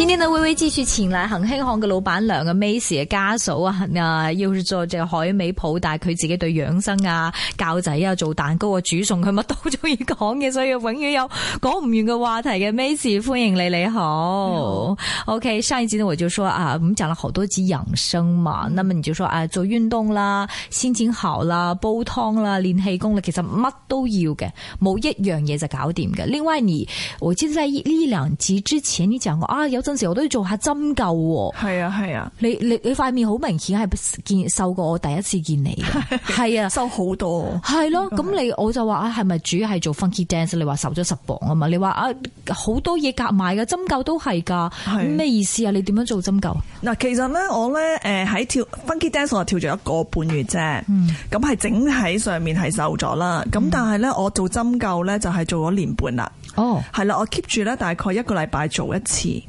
今天天都微微繼續前嚟恒興行嘅老闆娘嘅 Mais 嘅家嫂啊，啊，要做只海味舖，但係佢自己對養生啊、教仔啊、做蛋糕啊、煮餸，佢乜都中意講嘅，所以永遠有講唔完嘅話題嘅。Mais 歡迎你，你好。嗯、OK，上一次呢我就講啊，我哋講咗好多集養生嘛，咁啊，你就講啊，做運動啦、心情好啦、煲湯啦、練氣功啦，其實乜都要嘅，冇一樣嘢就搞掂嘅。另外你，我記得在呢兩集之前你講過啊，有、這個當時我都要做下針灸，係啊係啊，是啊是啊，你你你塊面好明顯係見瘦過我第一次見你，係是啊 瘦好多，啊啊，係咯。咁你我就話啊，係咪主要係做 funky dance？你話瘦咗十磅啊嘛？你話啊好多嘢夾埋嘅針灸都係噶，咩是意思啊？你點樣做針灸？嗱，其實咧我咧誒喺跳 funky dance 我跳咗一個半月啫，咁係整體上面係瘦咗啦。咁但係咧我做針灸咧就係做咗年半啦。哦，係啦，我 keep 住咧大概一個禮拜做一次。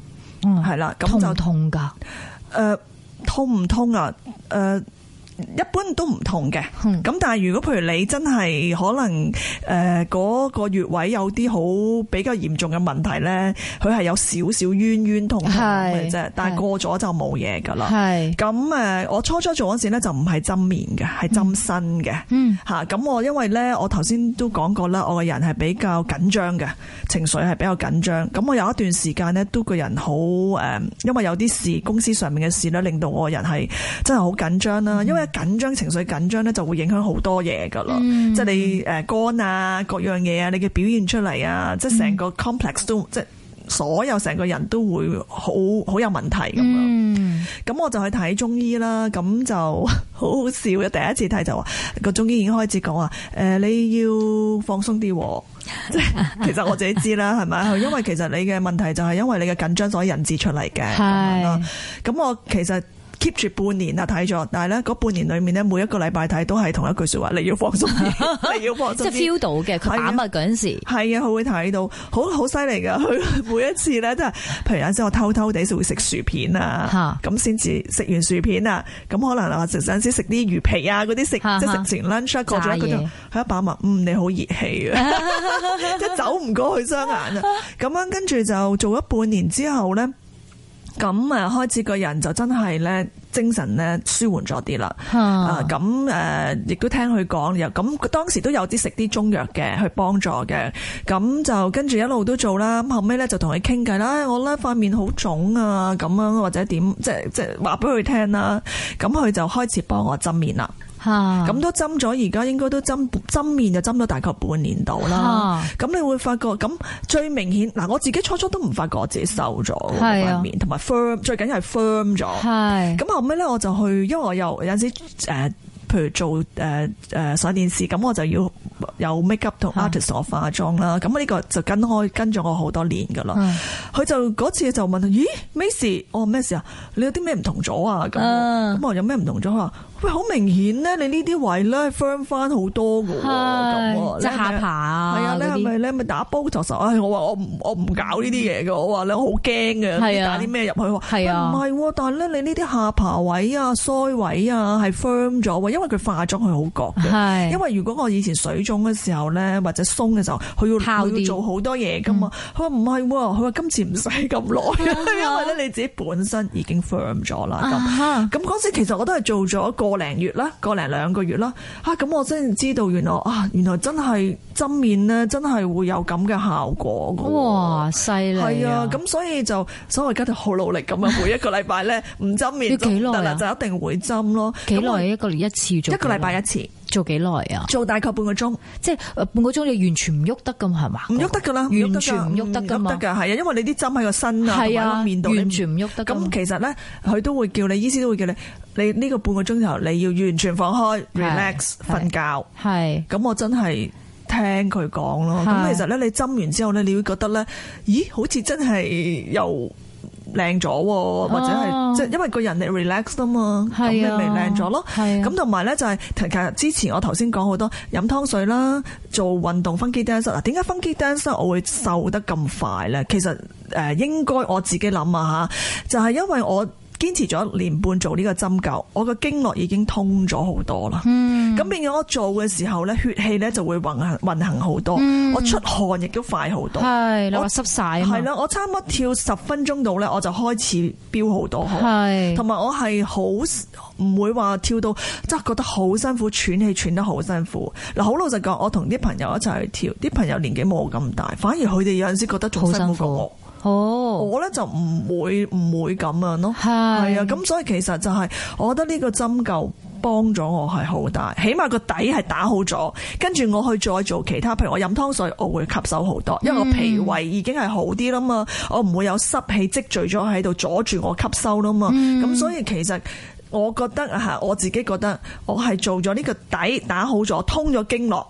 嗯，係啦了，咁就痛噶，誒、嗯，痛唔痛啊？誒、嗯。一般都唔痛嘅，咁但係如果譬如你真係可能，誒、呃、嗰、那個穴位有啲好比較嚴重嘅問題咧，佢係有少少冤冤痛痛嘅啫，是 但係過咗就冇嘢㗎喇。咁誒是、嗯，我初初做嗰時咧就唔係針面嘅，係針身嘅。吓、嗯嗯啊，咁我因為咧，我頭先都講過啦，我個人係比較緊張嘅，情緒係比較緊張。咁我有一段時間咧，都個人好誒、呃，因為有啲事，公司上面嘅事咧，令到我個人係真係好緊張啦，因為。緊張情緒緊張咧，就會影響好多嘢噶喇。嗯、即係你誒肝啊，各樣嘢啊，你嘅表現出嚟啊，即係成個 complex 都、嗯、即係所有成個人都會好好有問題咁樣。咁、嗯、我就去睇中醫啦。咁就好好笑嘅，第一次睇就話個中醫已經開始講話誒，你要放鬆啲。即係 其實我自己知啦，係咪？因為其實你嘅問題就係因為你嘅緊張所引致出嚟嘅。係的。咁、嗯、我其實。keep 住半年啊，睇咗，但係咧嗰半年裏面咧，每一個禮拜睇都係同一句說話，你要放鬆， 你要放鬆， 即係 feel 到嘅。佢把脈嗰陣時，係啊，佢會睇到，好好犀利噶。佢每一次咧，都係，譬如有陣時我偷偷地就會食薯片啊，咁先至食完薯片啊，咁可能啊食有陣時食啲魚皮啊，嗰啲食即係食完 lunch 啊，過咗嗰種，佢一把脈，嗯， 你好熱氣啊，即係走唔過去雙眼啊，咁樣跟住就做咗半年之後咧。咁啊，開始個人就真係咧精神咧舒緩咗啲啦。啊、呃，咁誒亦都聽佢講，又咁當時都有啲食啲中藥嘅去幫助嘅。咁就跟住一路都做啦。咁後尾咧就同佢傾偈啦。我咧塊面好腫啊，咁樣或者點，即係即係話俾佢聽啦。咁佢就開始幫我針面啦。吓咁、啊、都針咗，而家應該都針針面就針咗大概半年度啦。咁、啊、你會發覺咁最明顯嗱，我自己初初都唔發覺我自己瘦咗嗰塊面，同埋 firm 最緊係 firm 咗。係咁是的 後尾咧，我就去，因為我又有陣時誒。譬如做誒誒上電視，咁我就要有 makeup 同 artist 化妝啦。咁呢、啊、個就跟開跟咗我好多年噶啦。佢、啊、就嗰次就問咦，Missie，、哦啊、我話咩事啊？你有啲咩唔同咗啊？咁咁我有咩唔同咗？佢喂，好明顯咧，你呢啲位咧 firm 翻好多嘅喎。咁即係下巴啊，係啊？你係咪咧？咪打玻尿實？我話我唔我唔搞呢啲嘢嘅。我話你好驚嘅。係啊。打啲咩入去？係啊。唔係但，但係咧，你呢啲下巴位啊、腮位啊，係 firm 咗因為佢化妝佢好角嘅，係因為如果我以前水腫嘅時候咧，或者鬆嘅時候，佢要要做好多嘢噶嘛。佢話唔係，佢話今次唔使咁耐，啊、 因為咧你自己本身已經 firm 咗啦。咁咁嗰時其實我都係做咗個零月啦，個零兩個月啦。吓、啊、咁我先知道，原來啊，原來真係針面咧，真係會有咁嘅效果哇，犀利！係啊，咁所以就所以我而家就好努力咁啊，每一個禮拜咧唔針面 要、啊，要幾耐啊？就一定會針咯。幾耐久我一個月一次？一個禮拜一次，做幾耐啊？做大概半個鐘，即係半個鐘，你完全唔喐得咁係嘛？唔喐得噶啦，完全唔喐得噶，唔喐得噶，係啊，因為你啲針喺個身啊，喺面度，完全唔喐得。咁其實咧，佢都會叫你，醫師都會叫你，你呢個半個鐘頭，你要完全放開，relax，瞓覺。係。咁我真係聽佢講咯。咁其實咧，你針完之後咧，你會覺得咧，咦，好似真係又～靚咗喎，或者係即係因為個人你 relax 是啊嘛，咁你咪靚咗咯。咁同埋咧就係其實之前我頭先講好多飲湯水啦，做運動 funky dance。嗱、啊，點解 funky dance 我會瘦得咁快咧？其實誒應該我自己諗啊吓，就係、是、因為我。堅持咗一年半做呢個針灸，我個經絡已經通咗好多啦。咁、嗯、變咗我做嘅時候呢，血氣呢就會運運行好多。嗯、我出汗亦都快好多。濕，我濕晒係啦，我差唔多跳十分鐘到呢，我就開始飆好多汗。係，同埋我係好唔會話跳到即係覺得好辛苦，喘氣喘得好辛苦。嗱，好老實講，我同啲朋友一齊去跳，啲朋友年紀冇我咁大，反而佢哋有陣時覺得仲辛苦過我。哦，oh. 我咧就唔會唔會咁樣咯，係啊，咁所以其實就係，我覺得呢個針灸幫咗我係好大，起碼個底係打好咗，跟住我去再做其他，譬如我飲湯水，我會吸收好多，因為我脾胃已經係好啲啦嘛，我唔會有濕氣積聚咗喺度阻住我吸收啦嘛，咁，mm. 所以其實我覺得吓，我自己覺得我係做咗呢個底打好咗，通咗經絡。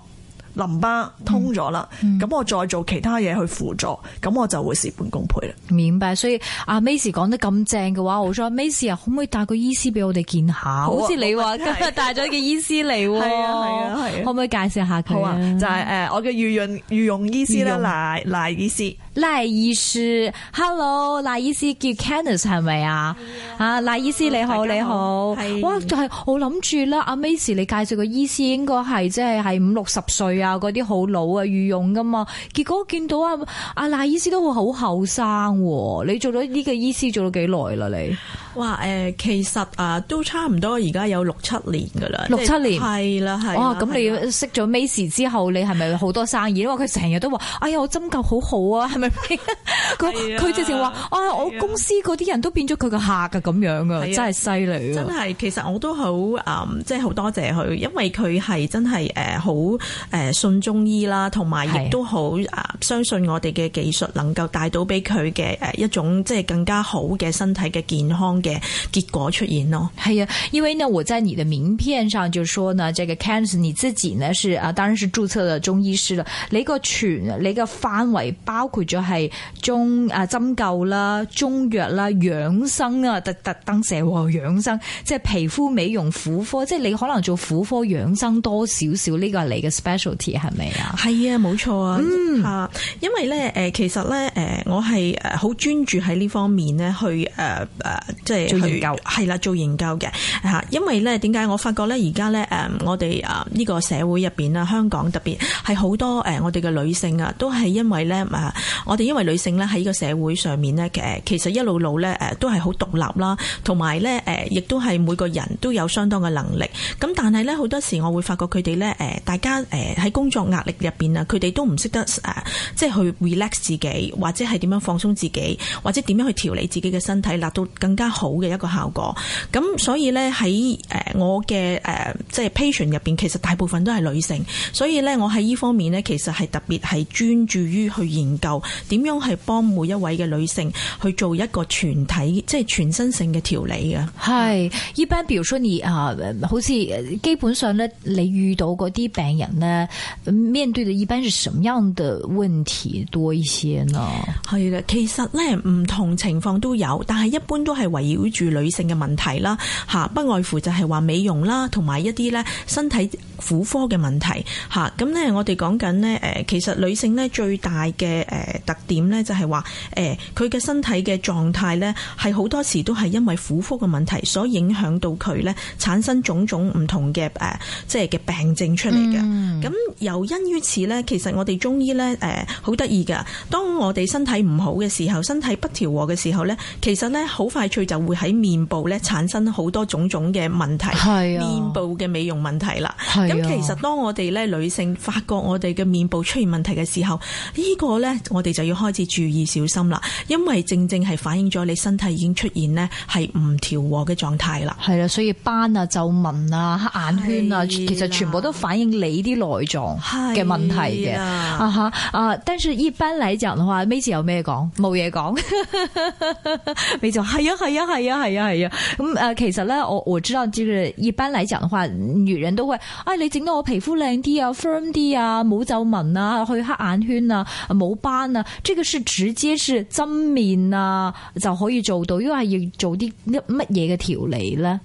淋巴通咗啦，咁、嗯、我再做其他嘢去輔助，咁我就會事半功倍啦。明白，所以阿 Mais 講得咁正嘅話，我想 Mais 啊，可唔可以帶個醫師俾我哋見下？好似、啊、你話今日帶咗個醫師嚟，係 啊係啊係，啊可唔可以介紹下佢？啊，就係、是、誒，我嘅御用御用醫師咧，賴賴醫師。蓉賴醫師，Hello，賴醫師叫 Kenneth 係咪啊？啊，賴醫師你好，好你好，是哇，就係、是、我諗住啦，阿 Mais，你介紹個醫師應該係即係係五六十歲啊，嗰啲好老啊，御用噶嘛，結果見到阿阿賴醫師都會好後生，你做咗呢個醫師做咗幾耐啦你？ 哇！誒、呃，其實啊，都差唔多，而家有六七年噶啦，是六七年係啦，係。哇！咁、哦、你識咗 Maisie 之後，你係咪好多生意？因為佢成日都話，哎呀，我針灸好好啊！係咪？佢佢直接話，啊，我公司嗰啲人都變咗佢嘅客啊，咁樣啊的，真係犀利真係，其實我都好誒，即係好多謝佢，因為佢係真係誒好誒信中醫啦，同埋亦都好啊相信我哋嘅技術能夠帶到俾佢嘅誒一種即係更加好嘅身體嘅健康。嘅結果出現咯，係啊，因為呢，我在你嘅名片上就說呢，這個 Kenneth 你自己呢是啊，當然是註冊的中醫師了。你個全你個範圍包括咗係中啊，針灸啦、中藥啦、養生啊，特特登寫喎養生，即係皮膚美容、婦科，即係你可能做婦科養生多少少呢個係你嘅 specialty 係咪啊？係啊，冇錯啊，嗯因為咧誒，其實咧誒、呃，我係誒好專注喺呢方面咧去誒誒。呃呃呃做研究係啦，做研究嘅吓，因為咧點解我發覺咧而家咧誒，我哋啊呢個社會入邊啊，香港特別係好多誒，我哋嘅女性啊，都係因為咧啊我哋因為女性咧喺個社會上面咧，誒其實一路路咧誒都係好獨立啦，同埋咧誒亦都係每個人都有相當嘅能力。咁但係咧好多時我會發覺佢哋咧誒，大家誒喺工作壓力入邊啊，佢哋都唔識得誒，即係去 relax 自己，或者係點樣放鬆自己，或者點樣去調理自己嘅身體，達到更加。好嘅一個效果，咁所以咧喺誒我嘅誒、呃、即係 patient 入邊，其實大部分都係女性，所以咧我喺呢方面咧，其實係特別係專注於去研究點樣係幫每一位嘅女性去做一個全體即係全身性嘅調理嘅。係，一般，比如說你啊，好似基本上咧，你遇到嗰啲病人咧，面對嘅一般是什麼樣的問題多一些呢？係啦，其實咧唔同情況都有，但係一般都係為。錶住女性嘅問題啦，吓，不外乎就係話美容啦，同埋一啲咧身體，婦科嘅問題嚇，咁、啊、咧我哋講緊咧誒，其實女性咧最大嘅誒、呃、特點咧就係話誒佢嘅身體嘅狀態咧係好多時都係因為婦科嘅問題所影響到，佢咧產生種種唔同嘅誒、呃、即係嘅病症出嚟嘅。咁、嗯、由因於此咧，其實我哋中醫咧誒好得意㗎，當我哋身體唔好嘅時候，身體不調和嘅時候咧，其實咧好快脆就會喺面部咧產生好多種種嘅問題，係面部嘅美容問題啦。咁其實當我哋咧女性發覺我哋嘅面部出現問題嘅時候，呢個咧我哋就要開始注意小心啦，因為正正係反映咗你身體已經出現咧係唔調和嘅狀態啦。係啦，所以斑啊、皺紋啊、黑眼圈啊，的其實全部都反映你啲內臟嘅問題嘅的啊，啊但係一般嚟講嘅話，妹子有咩講？冇嘢講。妹 就係啊係啊係啊係啊係啊！咁啊，其實咧我我知道，即係一般嚟講嘅話，女人都會、啊你整到我皮膚靚啲啊，firm 啲啊，冇皺紋啊，去黑眼圈啊，冇斑啊，即係佢是直接是針面啊就可以做到，因為係要做啲乜嘢嘅調理咧？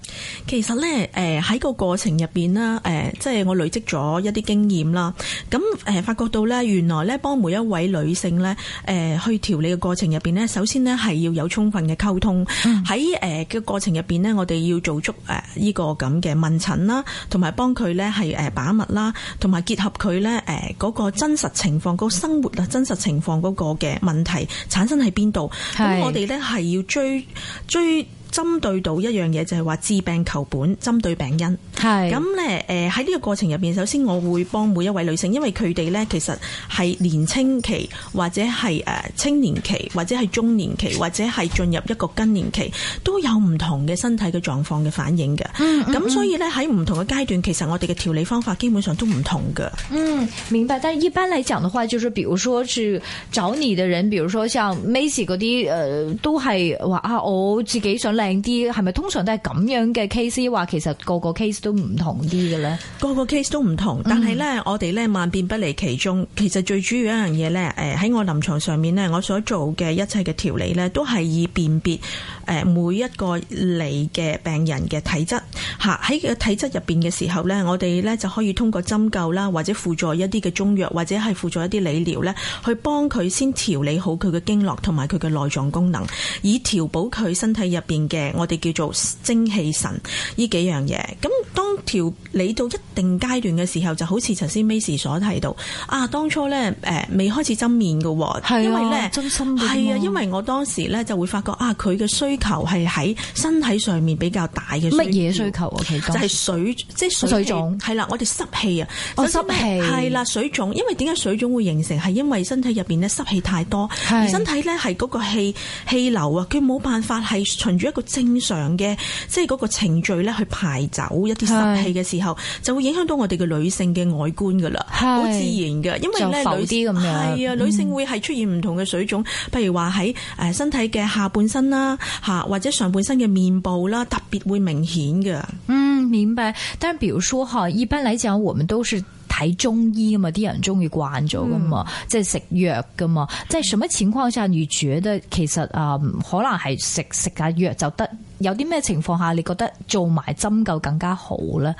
其實咧，誒、呃、喺個過程入邊啦，誒、呃、即係我累積咗一啲經驗啦，咁誒、呃、發覺到咧，原來咧幫每一位女性咧，誒、呃、去調理嘅過程入邊咧，首先咧係要有充分嘅溝通，嗯，喺誒嘅過程入邊咧，我哋要做足誒、呃這個、呢個咁嘅問診啦，同埋幫佢咧係。誒，把握啦，同埋結合佢咧，誒，嗰個真實情況，嗰個 生活啊，真實情況嗰個嘅問題產生喺邊度？咁 我哋咧係要追追針對到一樣嘢就係、是、話治病求本，針對病因。係咁咧，誒 喺呢、呃、個過程入邊，首先我會幫每一位女性，因為佢哋咧其實係年青期或者係誒青年期或者係中年期或者係進入一個更年期，都有唔同嘅身體嘅狀況嘅反應嘅。咁、嗯、所以咧喺唔同嘅階段，其實我哋嘅調理方法基本上都唔同嘅。嗯，明白。但係一般嚟講嘅話，就是比如說是找你嘅人，比如說像 Maisie 嗰啲，誒、呃、都係話啊，我自己想病啲係咪通常都係咁樣嘅 case？話，其實個個 case 都唔同啲嘅咧，個個 case 都唔同。但係咧，我哋咧萬變不離其中。其實最主要一樣嘢咧，誒喺我臨床上面咧，我所做嘅一切嘅調理咧，都係以辨別誒每一個嚟嘅病人嘅體質。吓喺個體質入邊嘅時候咧，我哋咧就可以通過針灸啦，或者輔助一啲嘅中藥，或者係輔助一啲理療咧，去幫佢先調理好佢嘅經絡同埋佢嘅內臟功能，以調補佢身體入邊。嘅我哋叫做精氣神呢幾樣嘢，咁當調理到一定階段嘅時候，就好似頭先 May 士所提到，啊當初咧誒、呃、未開始針面噶，係啊，因為呢真心嘅係啊，因為我當時咧就會發覺啊，佢嘅需求係喺身體上面比較大嘅乜嘢需求啊，就係水即係水腫係種啦，我哋濕氣啊，哦、濕氣係啦水腫，因為點解水腫會形成，係因為身體入邊咧濕氣太多，對是而身體咧係嗰個氣氣流啊，佢冇辦法係循住一。個正常嘅即係嗰個程序咧，去排走一啲濕氣嘅時候，是就會影響到我哋嘅女性嘅外觀噶啦，好是自然嘅。因為呢就女啲咁樣。係啊，女性會係出現唔同嘅水腫，譬、嗯、如話喺誒身體嘅下半身啦，吓或者上半身嘅面部啦，特別會明顯嘅。嗯，明白。但係，比如說哈，一般嚟講，我們都是。睇中醫啊嘛，啲人中意慣咗噶嘛，即係食藥噶嘛。即係什麼情況下，你覺得其實啊、呃，可能係食食下藥就得？有啲咩情況下你覺得做埋針灸更加好咧？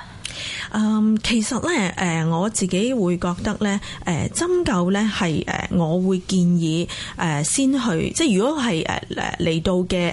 嗯，um, 其實咧，誒我自己會覺得咧，誒針灸咧係誒，我會建議誒先去，即係如果係誒嚟到嘅誒誒，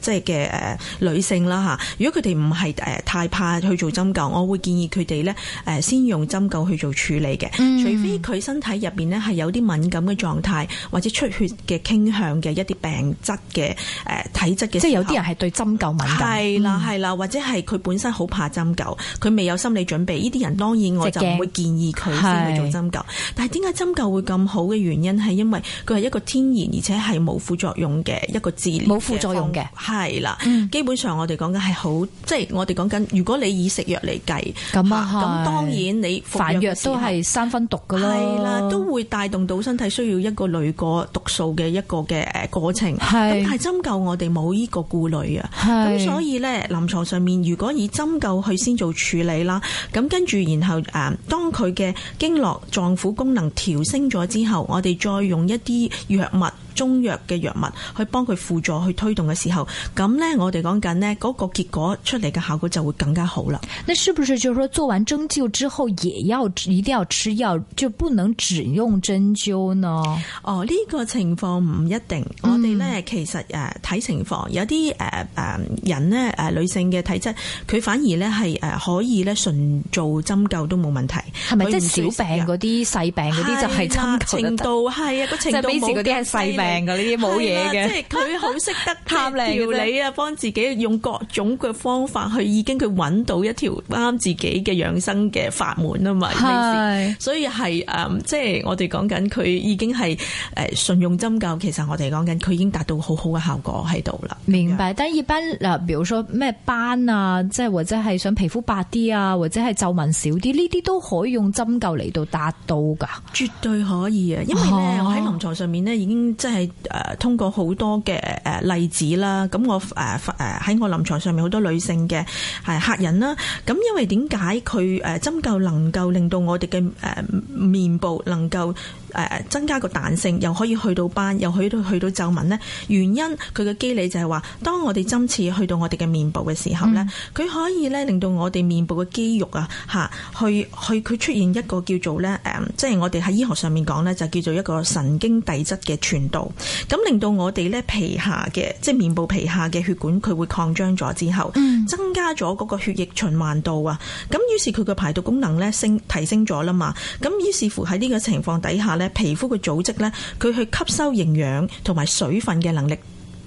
即係嘅誒女性啦嚇，如果佢哋唔係誒太怕去做針灸，嗯、我會建議佢哋咧誒先用針灸去做處理嘅，嗯嗯除非佢身體入邊咧係有啲敏感嘅狀態或者出血嘅傾向嘅一啲病質嘅誒、呃、體質嘅，即係有啲人係對針。針灸問題，係啦，係啦，或者係佢本身好怕針灸，佢未、嗯、有心理準備。呢啲人當然我就唔會建議佢先去做針灸。的但係點解針灸會咁好嘅原因，係因為佢係一個天然，而且係冇副作用嘅一個治療，冇副作用嘅係啦。的嗯、基本上我哋講緊係好，即係我哋講緊，如果你以食藥嚟計，咁啊咁、啊、的當然你反藥都係三分毒噶，係啦，都會帶動到身體需要一個濾過毒素嘅一個嘅誒過程。咁的的但係針灸我哋冇呢個顧慮啊。咁 是、 嗯、所以呢，臨床上面如果以針灸去先做處理啦，咁跟住然後誒、啊，當佢嘅經絡臟腑功能調升咗之後，我哋再用一啲藥物，中藥嘅藥物去幫佢輔助去推動嘅時候，咁咧我哋講緊呢嗰個結果出嚟嘅效果就會更加好啦。那是不是就是說做完針灸之後，也要一定要吃藥，就不能只用針灸呢？哦，呢、這個情況唔一定。我哋咧其實誒睇、呃、情況，mm. 有啲誒誒人呢誒、呃呃、女性嘅體質，佢反而咧係誒可以咧純做針灸都冇問題。係咪即係小病嗰啲細病啲就係針灸程度係啊，個程度冇啲係細病。是 legislation 病嘅呢啲冇嘢嘅，即係佢好識得探調 理啊，幫 自己用各種嘅方法去，已經佢揾到一條啱自己嘅養生嘅法門啊嘛。係， 所以係誒，即係我哋講緊佢已經係誒，信、呃、用針灸，其實我哋講緊佢已經達到好好嘅效果喺度啦。明白。但係一般嗱，比如說咩斑啊，即係或者係想皮膚白啲啊，或者係皺紋少啲，呢啲都可以用針灸嚟到達到噶。絕對可以啊，因為咧，我喺臨床上面咧，已經即係。誒，通過好多嘅誒例子啦，咁我誒發誒喺我臨床上面好多女性嘅係客人啦，咁因為點解佢誒針灸能夠令到我哋嘅誒面部能夠誒、呃、增加個彈性，又可以去到斑，又可以去到去到皺紋呢，原因佢嘅機理就係、是、話，當我哋針刺去到我哋嘅面部嘅時候呢，佢、嗯、可以咧令到我哋面部嘅肌肉啊，嚇，去去佢出現一個叫做咧誒、嗯，即係我哋喺醫學上面講咧，就叫做一個神經遞質嘅傳導。咁令到我哋咧皮下嘅即係面部皮下嘅血管，佢會擴張咗之後，增加咗嗰個血液循環度啊。咁於是佢嘅排毒功能咧升提升咗啦嘛。咁於是乎喺呢個情況底下。皮膚嘅組織咧，佢去吸收營養同埋水分嘅能力。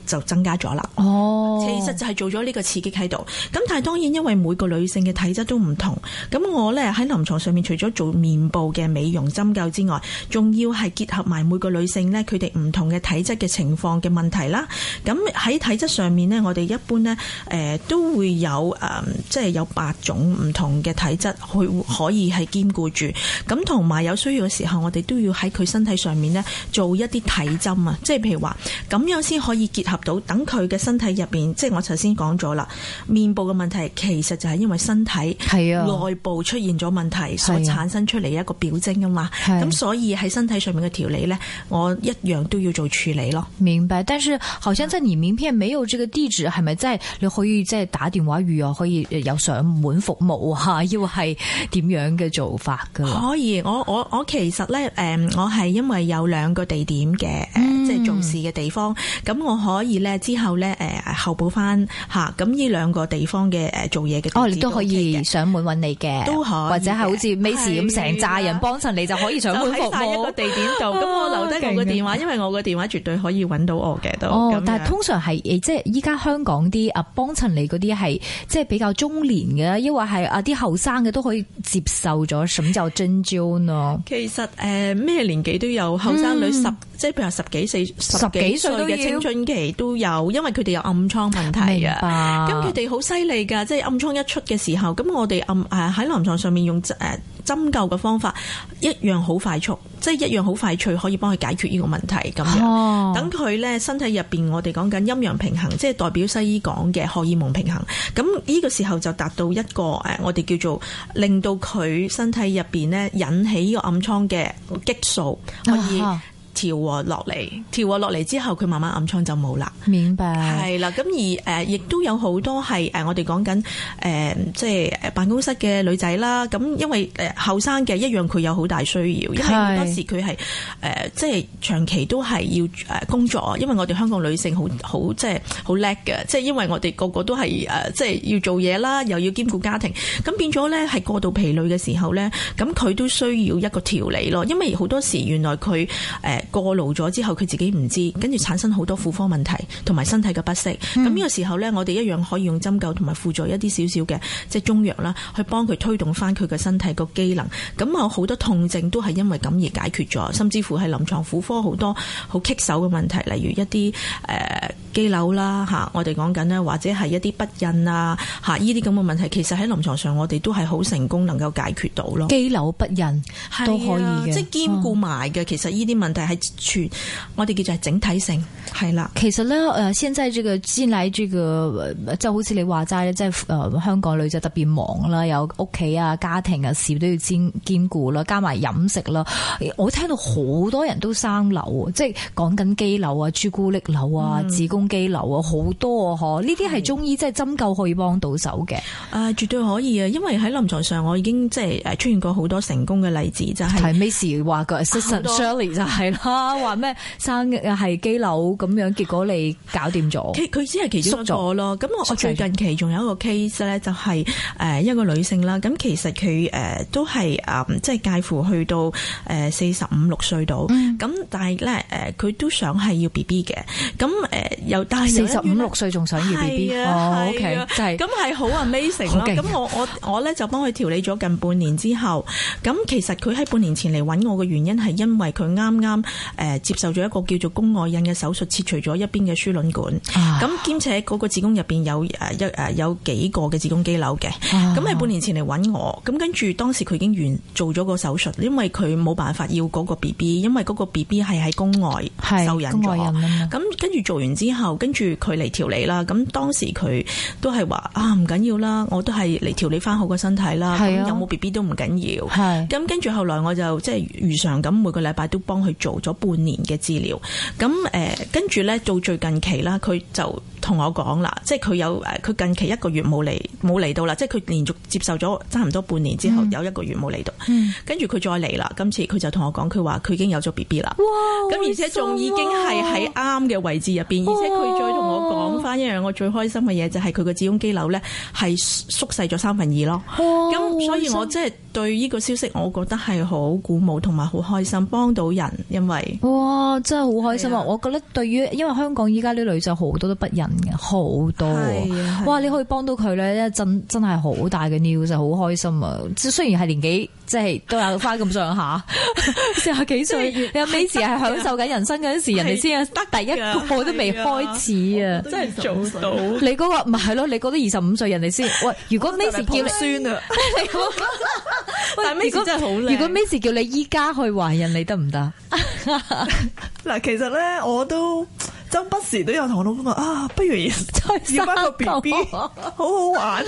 就增加咗啦。哦，oh. 其實就係做咗呢個刺激喺度。咁但係當然因為每個女性嘅體質都唔同。咁我咧喺臨床上面，除咗做面部嘅美容針灸之外，仲要係結合埋每個女性咧佢哋唔同嘅體質嘅情況嘅問題啦。咁喺體質上面呢，我哋一般呢誒、呃、都會有誒，即、呃、係、就係、有八種唔同嘅體質，去可以係兼顧住。咁同埋有需要嘅時候，我哋都要喺佢身體上面呢做一啲體針啊。即係譬如話咁樣先可以結合。合到等佢嘅身體入邊，即係我頭先講咗啦，面部嘅問題其實就係因為身體係啊，內部出現咗問題，啊、所產生出嚟一個表徵啊嘛。咁、啊、所以喺身體上面嘅調理咧，我一樣都要做處理咯。明白。但係好像係你名片沒有呢個地址，係咪即係你可以即係打電話預約，可以有上門服務啊？要係點樣嘅做法噶？可以，我我我其實咧，誒、um, 我係因為有兩個地點嘅誒即係做事嘅地方，咁、嗯、我可。可以咧，之後咧，誒，候補翻吓，咁呢兩個地方嘅誒做嘢嘅哦，你都可以上門揾你嘅，都可或者係好似 Miss 咁成寨人幫襯你就可以上門服務。個地點做，咁我留低我個電話，因為我個電話絕對可以揾到我嘅都。哦，但係通常係誒，即係依家香港啲啊幫襯你嗰啲係即係比較中年嘅，抑或係啊啲後生嘅都可以接受咗？咁就 join 咯。其實誒咩年紀都有，後生女十即係譬如十幾歲、十幾歲嘅青春期。都有，因為佢哋有暗瘡問題啊，咁佢哋好犀利噶，即係暗瘡一出嘅時候，咁我哋暗誒喺臨床上面用針誒針灸嘅方法，一樣好快速，即係一樣好快脆，可以幫佢解決呢個問題咁樣。等佢咧身體入邊，我哋講緊陰陽平衡，即係代表西醫講嘅荷爾蒙平衡。咁呢個時候就達到一個誒，我哋叫做令到佢身體入邊咧引起呢個暗瘡嘅激素可以。調和落嚟，調和落嚟之後，佢慢慢暗瘡就冇啦。明白係啦，咁而誒，亦、呃、都有好多係誒，我哋講緊誒，即係辦公室嘅女仔啦。咁因為誒後生嘅一樣，佢有好大需要，因為好多時佢係誒，即係長期都係要誒工作啊。因為我哋香港女性好好即係好叻嘅，即係因為我哋個個都係誒、呃，即係要做嘢啦，又要兼顧家庭，咁變咗咧係過度疲累嘅時候咧，咁佢都需要一個調理咯。因為好多時原來佢誒。呃呃呃呃呃呃呃呃過勞咗之後，佢自己唔知，跟住產生好多婦科問題同埋身體嘅不適。咁呢、嗯、個時候呢，我哋一樣可以用針灸同埋輔助一啲少少嘅即係中藥啦，去幫佢推動翻佢個身體個機能。咁有好多痛症都係因為咁而解決咗，甚至乎喺臨床婦科好多好棘手嘅問題，例如一啲誒、呃、肌瘤啦嚇，我哋講緊呢，或者係一啲不孕啊嚇呢啲咁嘅問題，其實喺臨床上我哋都係好成功能夠解決到咯。肌瘤不孕都、啊、可以即係兼顧埋嘅。其實呢啲問題。全我哋叫做係整體性，係啦。其實咧，誒，現在這個，將來這個，即係好似你話齋咧，即係誒、呃，香港女仔特別忙啦，有屋企啊、家庭啊事都要兼兼顧啦，加埋飲食啦。我聽到好多人都生瘤，即係講緊肌瘤啊、朱古力瘤啊、子宮肌瘤啊，好多啊，嗬。呢啲係中醫即係是針灸可以幫到手嘅，誒、呃，絕對可以啊。因為喺臨床上我已經即係誒出現過好多成功嘅例子，就係、是。係 Miss 話嘅 Shirley 就係、是 吓，話咩、啊、生係肌瘤咁樣，結果你搞掂咗？佢只係其中一個咯。咁我了了我最近期仲有一個 case 咧，就係誒一個女性啦。咁其實佢誒、呃、都係誒即係介乎去到誒四十五六歲度。咁、嗯、但係咧誒佢都想係要 B B 嘅。咁誒又但係四十五六歲仲想要 B B？、啊、哦，O K，真係咁係好啊，amazing。好勁！咁我我我咧就幫佢調理咗近半年之後。咁其實佢喺半年前嚟揾我嘅原因係因為佢啱啱。誒，接受咗一個叫做宮外孕嘅手術，切除咗一邊嘅輸卵管。咁兼唉且嗰個子宮入邊有誒一誒有幾個嘅子宮肌瘤嘅。咁喺唉半年前嚟揾我，咁跟住當時佢已經完做咗個手術，因為佢冇辦法要嗰個 B B，因為嗰個 B B 係喺宮外受孕咗。咁跟住做完之後，跟住佢嚟調理啦。咁當時佢都係話啊唔緊要啦，我都係嚟調理翻好個身體啦。咁、啊、有冇 B B 都唔緊要。咁是跟住後來我就即係如常咁每個禮拜都幫佢做咗半年嘅治療，咁誒跟住咧到最近期啦，佢就同我講啦，即係佢有誒，佢近期一個月冇嚟冇嚟到啦，即係佢連續接受咗差唔多半年之後，嗯、有一個月冇嚟到，跟住佢再嚟啦。今次佢就同我講，佢話佢已經有咗 BB 啦，咁哇而且仲已經係喺啱嘅位置入邊，哇而且佢再同我講翻一樣我最開心嘅嘢，哇就係佢個子宮肌瘤咧係縮細咗三分二咯哇，咁所以我即係。對呢個消息，我覺得係好鼓舞同埋好開心，幫到人，因為哇，真係好開心啊！我覺得對於因為香港依家啲女仔好多都不孕嘅，好多，哇！你可以幫到佢咧，真真係好大嘅 news，好開心啊！雖然係年紀，即係都有翻咁上下，四十幾歲，你 Miss 係享受緊人生嗰陣時，人哋先得第一個都未開始啊！真係做到你嗰個唔係咯？你覺得二十五歲人哋先喂，如果 Miss 叫孫啊？但係 Miss 真係好啦。如果 Miss 叫你依家去懷孕你得唔得？嗱， 其實咧我都周不時都有同我老公話啊，不如要寶寶再生個 B B，好好玩。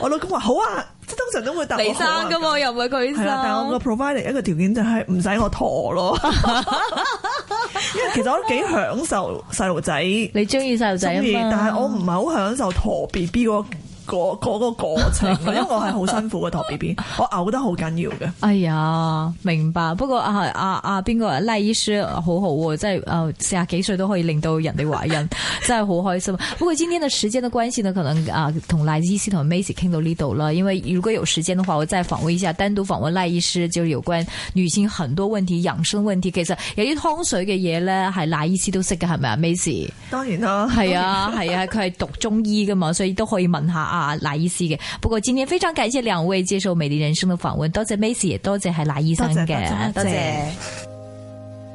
我老公話好啊，即係通常都會答我、啊、生噶嘛，又唔係佢生。但係我個 provide 一個條件就係唔使我陀咯， 因為其實我都幾享受細路仔。你中意細路仔啊？中意。但係我唔係好享受陀 B B 嗰。嗰嗰個，個過程，因為我係好辛苦嘅，同 B B，我嘔得好緊要嘅。哎呀，明白。不過啊啊啊，邊、啊、個賴醫師好好喎、哦，真係啊、呃、四十幾歲都可以令到人哋懷孕， 真係好開心。不過今天嘅時間嘅關係呢，可能啊同賴醫師同 Macy 傾到呢度啦。因為如果有時間嘅話，我再訪問一下，單獨訪問賴醫師，就有關女性很多問題、養生問題，其實有啲湯水嘅嘢咧，係賴醫師都識嘅，係咪啊？Macy，當然啦，係啊係啊，佢係 讀中醫嘅嘛，所以都可以問下、嗯啊，那意思一個。不過今天非常感謝兩位接受美麗人生的訪問，多謝 Macy，多謝賴醫師嘅，多謝。